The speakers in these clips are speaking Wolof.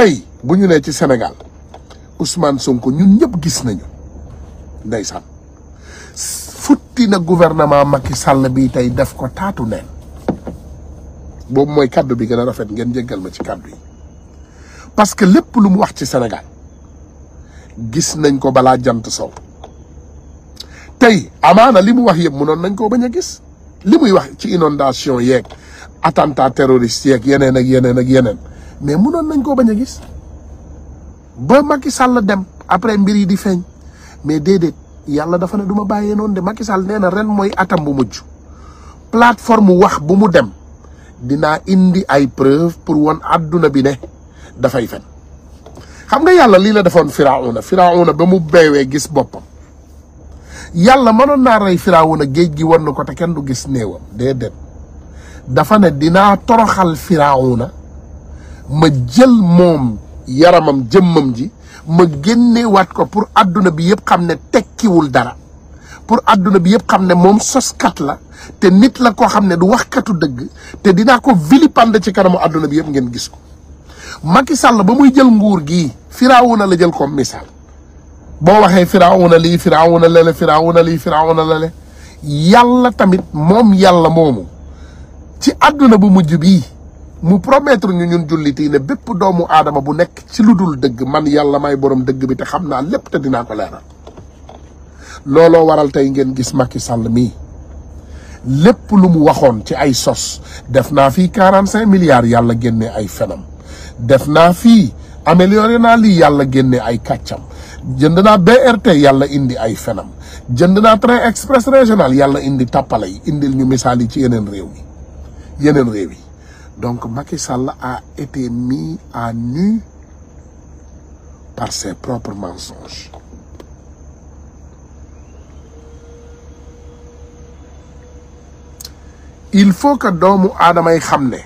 tey bu ñu nee ci senegal Ousmane Sonko ñun ñëpp gis nañu ndeysaan futti na gouvernement Macky Sall bi tey def ko taatu neen boobu mooy kàddu bi gën a rafet ngeen jéggal ma ci kàddu yi parce que lépp lu mu wax ci senegal gis nañ ko balaa jant sow tey amaana li mu wax yëpp noon nañ koo bañ a gis li muy wax ci inondation yeeg attentat terroriste yeeg yeneen ak yeneen ak yeneen mais mënoon nañ koo bañ a gis ba Macky Sall dem après mbir yi di feeñ mais déedéet yàlla dafa ne du ma bàyyee noonu de Macky Sall nee na ren mooy atam bu mujj plateforme wax bu mu dem dinaa indi ay preuve pour won àdduna bi ne dafay fen xam nga yàlla lii la defoon Firawuna Firawuna ba mu beewee gis boppam yàlla ma mënoon naa rey Firawuna géej gi won na ko te kenn du gis néewam déedéet dafa ne dinaa toroxal Firawuna ma jël moom yaramam jëmmam ji ma génnewaat ko pour àdduna bi yëpp xam ne tekkiwul dara pour àdduna bi yëpp xam ne moom soskat la te nit la koo xam ne du waxkatu dëgg te dinaa ko vilipande ci kanamu àdduna bi yëpp ngeen gis ko Macky Sall ba muy jël nguur gii Firawuna la jël comme misaal boo waxee Firawuna lii Firawuna lale Firawuna lii Firawuna lale yàlla tamit moom yàlla moomu ci àdduna bu mujj bii mu promettre ñu ñun jullit yi bépp doomu aadama bu nekk ci lu dul dëgg man yàlla may borom dëgg bi te xam naa lépp te dinaa ko leeral looloo waral tey ngeen gis Macky sàll mii lépp lu mu waxoon ci ay sos def naa fii quarante cinq milliards yàlla génnee ay fenam def naa fii amélioré naa lii yàlla génne ay kàccam jënd naa BRT yàlla indi ay fenam jënd naa train express régional yàlla indi tàppale yi indil ñu misaal yi ci yeneen réew yeneen réew yi Donc Macky Sall a été mis à nu par ses propres mensonges. il faut que doomu aadama xam ne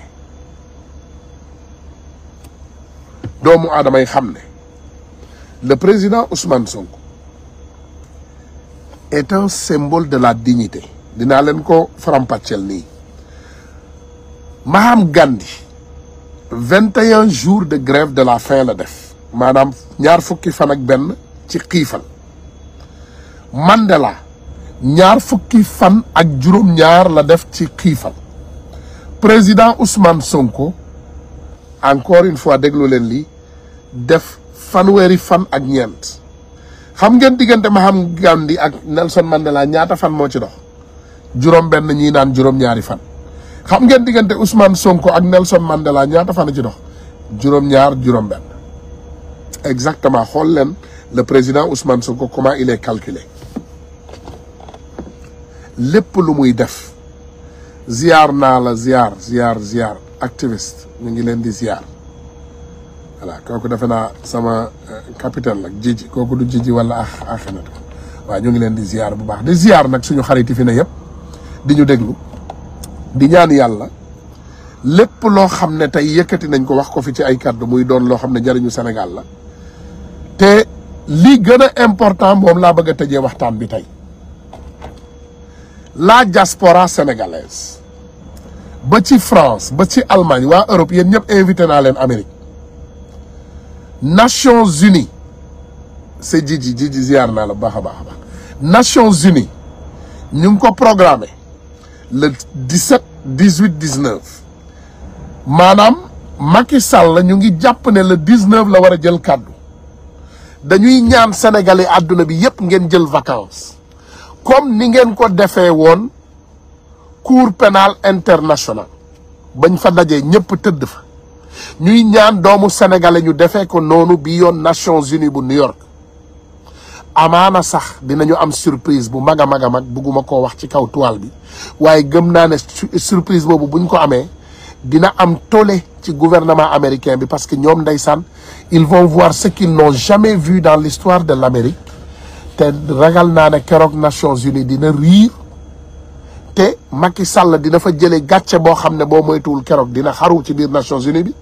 doomu aadama xam ne le président Ousmane Sonko est un symbole de la dignité dinaa leen ko faram-pàcceel Maham Gandhi vingt et un de grève de la fin la def maanaam ñaar fukki fan ak benn ci xiifal Mandela ñaar fukki fan ak juróom-ñaar la def ci xiifal président Ousmane Sonko encore une fois déglu leen lii def fanweeri fan ak ñeent xam ngeen diggante Maham Gandhi ak Nelson Mandela ñaata fan moo ci dox juróom-benn ñii naan juróom-ñaari fan. xam ngeen diggante Ousmane Sonko ak Nelson Mandela ñaata fan ci dox juróom-ñaar juróom-benn exactement xool leen le président Ousmane Sonko comment il est calculé lépp lu muy def ziar naa la ziar ziar ziar activiste ñu ngi leen di ziar voilà kooku defe naa sama euh, capitaine la jiji kooku du jiji wala ah ah xanaa waaw ñu di ziar bu baax di ziar nak suñu xarit yi fi na yëpp di ñu déglu. di ñaan yàlla lépp loo xam ne tey yëkkati nañ ko wax ko fi ci ay kàddu muy doon loo xam ne jariñu Sénégal la te li gën a important moom laa bëgg a tëjee waxtaan bi tey la diaspora sénégalaise ba ci France ba ci Allemagne waa Europe yéen ñëpp invité naa leen Amérique Nations Unies c'est jiji jiji ziar naa la baax a baax a baax Nations Unies ñu ngi ko programmé le 17 18 19 maanaam Macky Sall ñu ngi jàpp ne le 19 la war a jël kàddu dañuy ñaan sénégalais àdduna bi yépp ngeen jël vacances comme ni ngeen ko defee woon cour pénal international bañ fa dajee ñépp tëdd fa ñuy ñaan doomu sénégalais ñu defee ko noonu bi yoon Nations Unies bu New York amaana sax dinañu am surprise bu mag a mag a mag bugguma ko wax ci kaw toile bi waaye gëm naa ne surprise boobu buñ ko amee dina am tollé ci gouvernement américain bi parce que ñoom ndeysaan il vont voir ce qu'ils n'ont jamais vu dans l'histoire de l'Amérique te ragal naa ne keroog Nations Unies dina riir te Macky Sall dina fa jële gàcce boo xam ne boo moytuwul keroog dina xaru ci biir Nations Unies bi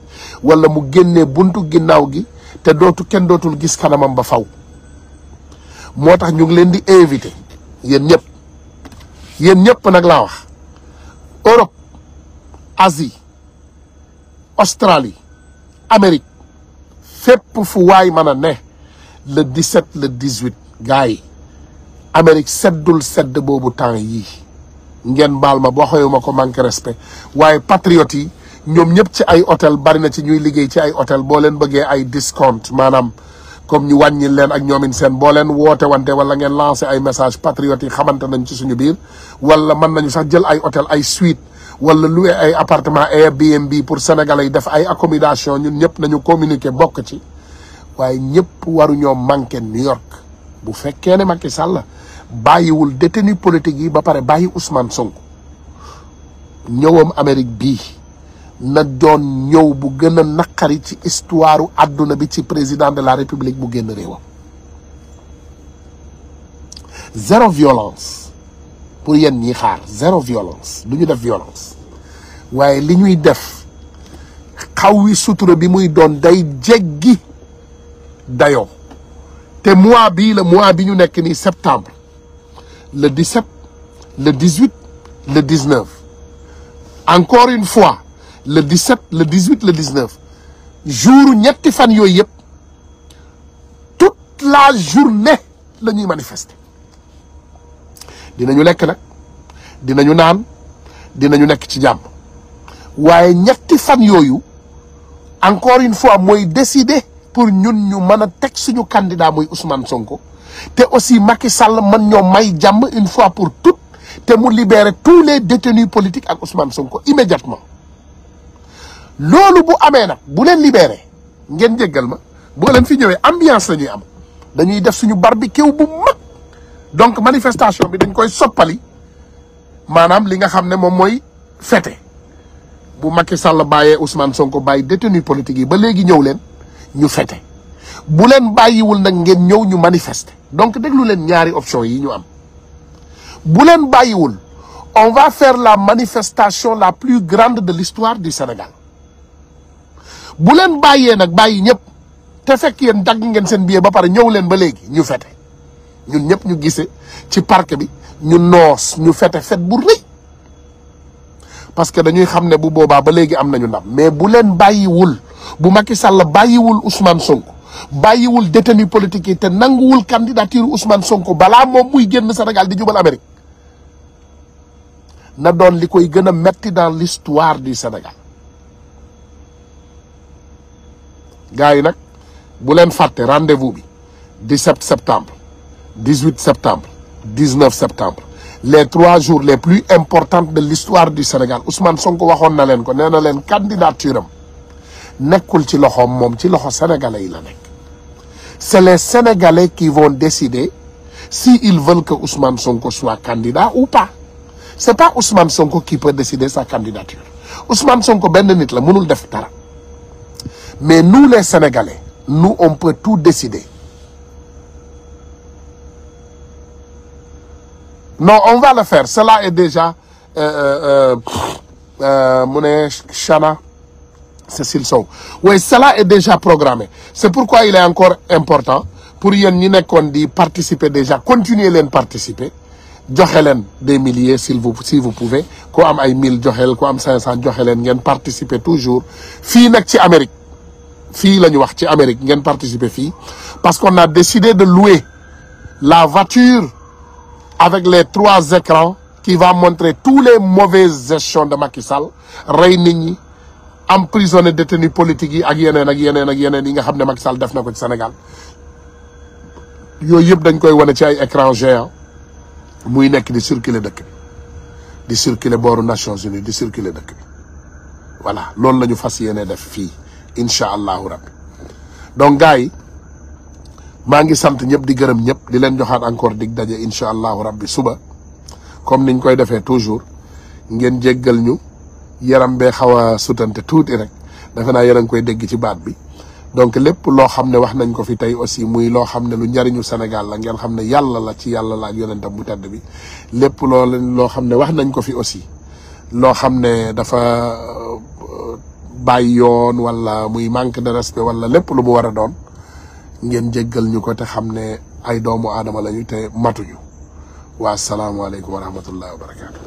wala mu génnee buntu ginnaaw gi te dootu kenn dootul gis kanamam ba faw moo tax ñu ngi leen di invité yéen ñëpp yéen ñëpp nag laa wax Europe Asie Australie Amérique fépp fu waay mën a ne le 17 le 18 gars yi Amérique seddul sedd boobu temps yii ngeen baal ma boo xoolee ma ko manque respect waaye patriotes yi ñoom ñëpp ci ay hôtel bari na ci ñuy liggéey ci ay hôtel boo leen bëggee ay discount maanaam. comme ñu wàññil leen ak ñoomin seen boo leen woote wante wala ngeen lancé ay message patriotes yi xamante nañ ci suñu biir wala man nañu sax jël ay hôtel ay suite wala loué ay appartement Airbnb pour sénégalais yi def ay accommodation ñun ñëpp nañu communiqué bokk ci waaye ñëpp waruñoo manqué New York bu fekkee ne Macky Sall bàyyiwul détenu politique yi ba pare bàyyi Ousmane Sonko ñëwam Amérique bii na doon ñëw bu gën a naqari ci histoire àdduna bi ci président de la république bu génn réewam zéro violence pour yéen ñi xaar zéro violence du ñu def violence waaye li ñuy def xaw wi sutura bi muy doon day jéggi dayoo te mois bi la mois bi ñu nekk nii septembre le 17 le 18 le 19 encore une fois le 17 le 18 le 19 jour ñetti fan yooyu yëpp toute la journée la ñuy manifester dinañu lekk nag dinañu naan dinañu nekk ci jàmm waaye ñetti fan yooyu encore une fois mooy décider pour ñun ñu mën a teg suñu kandidaa mooy Ousmane Sonko te aussi Macky Sall mën ñoo may jàmm une fois pour toutes te mu libérer tous les détenus politiques ak Ousmane Sonko immédiatement loolu bu amee nag bu leen libéré ngeen jéggal ma boo leen fi ñëwee ambiance la ñuy am dañuy def suñu bi barbecue bu mag donc manifestation bi dañ koy soppali maanaam li nga xam ne moom mooy fete bu Macky Sall bàyyee Ousmane Sonko bàyyi détenu politique yi ba léegi ñëw leen ñu fete bu leen bàyyiwul nag ngeen ñëw ñu manifester donc déglu leen ñaari option yi ñu am bu leen bàyyiwul on va faire la manifestation la plus grande de l'histoire du Sénégal bu leen bàyyee nag bàyyi ñëpp te fekk yenn dagg ngeen seen billet ba pare ñëw leen ba léegi ñu fete ñun ñëpp ñu gise ci parc bi ñu noos ñu fete fet bu rëy parce que dañuy xam ne bu boobaa ba léegi am nañu ndam mais bu leen bàyyiwul bu Macky Sall bàyyiwul Ousmane Sonko bàyyiwul détenu politique yi te nanguwul candidature Ousmane Sonko balaa moom muy génn Sénégal di jubal Amérique na doon li koy gën a metti dans l'histoire du Sénégal gars yi nag bu leen fàtte rendez-vous bi 17 septembre 18 septembre 19 septembre les trois jours les plus importantes de l'histoire du Sénégal Ousmane Sonko waxoon na leen ko nee na leen candidature am nekkul ci loxoom moom ci loxo sénégalais yi la nekk c'est les Sénégalais qui vont décider si ils veulent que Ousmane Sonko soit candidat ou pas c'est pas Ousmane Sonko qui peut décider sa candidature Ousmane Sonko benn nit la mënul def dara Mais nous, les Sénégalais, nous, on peut tout décider. Non, on va le faire. Cela est déjà... Euh, euh, euh, euh Chana, Cécile Sow. Oui, cela est déjà programmé. C'est pourquoi il est encore important pour yéen ñi nekkoon di participer déjà continuer leen participer joxe leen des milliers s'il vous si vous pouvez ku am ay mille joxe ko ku am cinq cent joxe leen ngeen participer toujours fii nag ci Amérique. fii la ñu wax ci Amérique ngeen participer fii parce que qu'on a décidé de louer la voiture avec les trois écrans qui va montrer tous les mauvaises gestions de Macky Sall rey nit ñi emprisonné détenu politique yi ak yeneen ak yeneen ak yeneen yi nga xam ne Macky Sall def na ko ci Sénégal yooyu yëpp dañ koy wane ci ay écran géant muy nekk di circuler dëkk bi di circuler booru Nations Unies di circuler dëkk bi voilà loolu la ñu fas yéene def fii incha allahu rabbi donc gars yi maa ngi sant ñëpp di gërëm ñëpp di leen joxaat encore digg daje incha allahu rabbi suba comme niñ koy defee toujours ngeen jéggal ñu yaram bee xaw a sutante tuuti rek defe naa yéen a koy dégg ci baat bi donc lépp loo xam ne wax nañ ko fi tey aussi muy loo xam ne lu njariñu Sénégal la ngeen xam ne yàlla la ci yàlla la ak yonentam bu tedd bi lépp loo loo xam ne wax nañ ko fi aussi loo xam ne dafa bàyyi yoon wala muy manque de respect wala lépp lu mu war a doon ngeen jéggal ñu ko te xam ne ay doomu aadama lañu te matuñu waa salaamualeykum wa rahmatullah wa barakaatu.